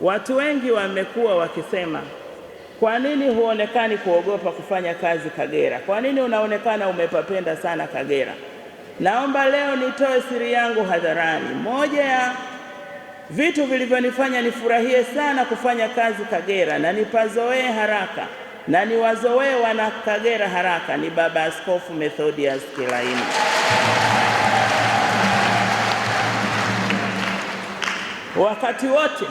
Watu wengi wamekuwa wakisema, kwa nini huonekani kuogopa kufanya kazi Kagera? Kwa nini unaonekana umepapenda sana Kagera? Naomba leo nitoe siri yangu hadharani. Moja ya vitu vilivyonifanya nifurahie sana kufanya kazi Kagera na nipazoee haraka na niwazoee wana Kagera haraka ni Baba Askofu Methodius Kilaini. Wakati wote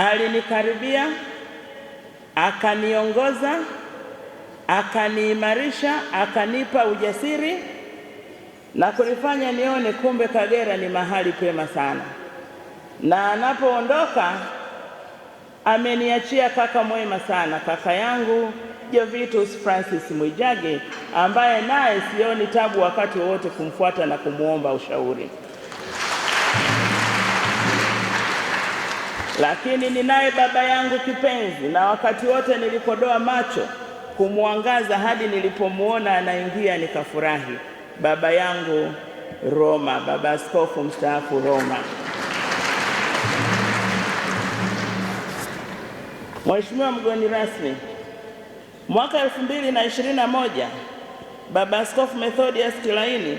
Alinikaribia, akaniongoza, akaniimarisha, akanipa ujasiri na kunifanya nione kumbe Kagera ni mahali pema sana, na anapoondoka ameniachia kaka mwema sana, kaka yangu Jovitus Francis Mwijage ambaye naye sioni tabu wakati wote kumfuata na kumwomba ushauri lakini ninaye baba yangu kipenzi, na wakati wote nilipodoa macho kumwangaza hadi nilipomuona anaingia nikafurahi. Baba yangu Roma, baba askofu mstaafu Roma. Mheshimiwa mgeni rasmi, mwaka 2021 baba askofu Methodius Kilaini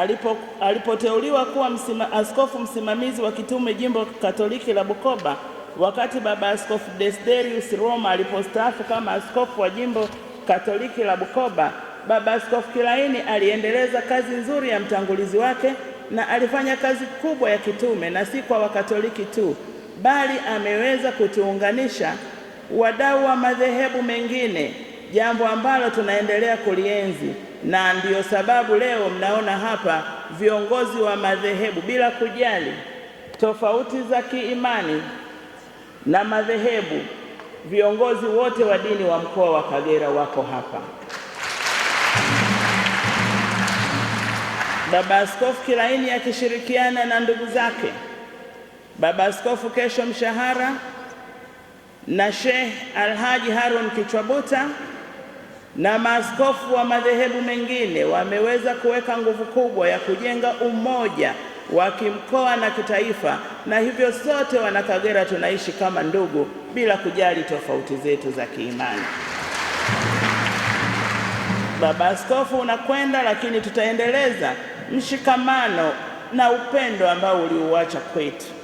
Alipo, alipoteuliwa kuwa msima, askofu msimamizi wa kitume jimbo Katoliki la Bukoba wakati baba askofu Desiderius Roma alipostaafu kama askofu wa jimbo Katoliki la Bukoba, baba askofu Kilaini aliendeleza kazi nzuri ya mtangulizi wake na alifanya kazi kubwa ya kitume na si kwa Wakatoliki tu, bali ameweza kutuunganisha wadau wa madhehebu mengine jambo ambalo tunaendelea kulienzi, na ndiyo sababu leo mnaona hapa viongozi wa madhehebu bila kujali tofauti za kiimani na madhehebu, viongozi wote wa dini wa mkoa wa Kagera wako hapa. Baba Askofu Kilaini akishirikiana na ndugu zake Baba Askofu Kesho Mshahara na Sheikh Alhaji Harun Kichwabuta na maaskofu wa madhehebu mengine wameweza kuweka nguvu kubwa ya kujenga umoja wa kimkoa na kitaifa, na hivyo sote Wanakagera tunaishi kama ndugu bila kujali tofauti zetu za kiimani. Baba Askofu, unakwenda lakini tutaendeleza mshikamano na upendo ambao uliuacha kwetu.